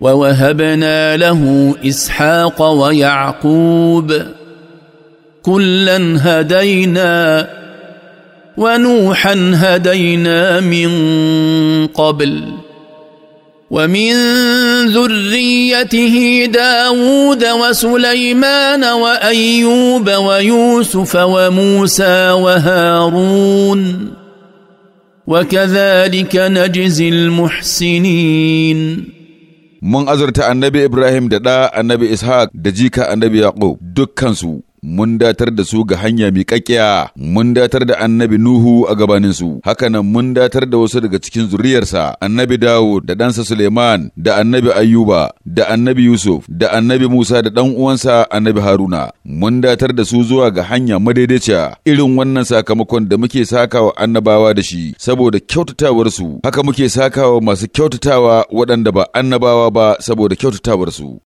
ووهبنا له اسحاق ويعقوب كلا هدينا ونوحا هدينا من قبل ومن ذريته داود وسليمان وايوب ويوسف وموسى وهارون وكذلك نجزي المحسنين mun azurta annabi Ibrahim da ɗa annabi Ishaq da jika annabi Yaqub dukkansu mun datar da su ga hanya mai kakkiya mun datar da annabi Nuhu a gabaninsu hakanan mun datar da wasu daga cikin zuriyarsa annabi Dawud da ɗansa Suleiman da annabi Ayuba da annabi Yusuf da annabi Musa da ɗan uwansa annabi Haruna mun datar da su zuwa ga hanya madaidaiciya irin wannan sakamakon da muke sakawa annabawa da shi saboda kyautatawarsu haka muke sakawa masu kyautatawa waɗanda ba annabawa ba saboda kyautatawarsu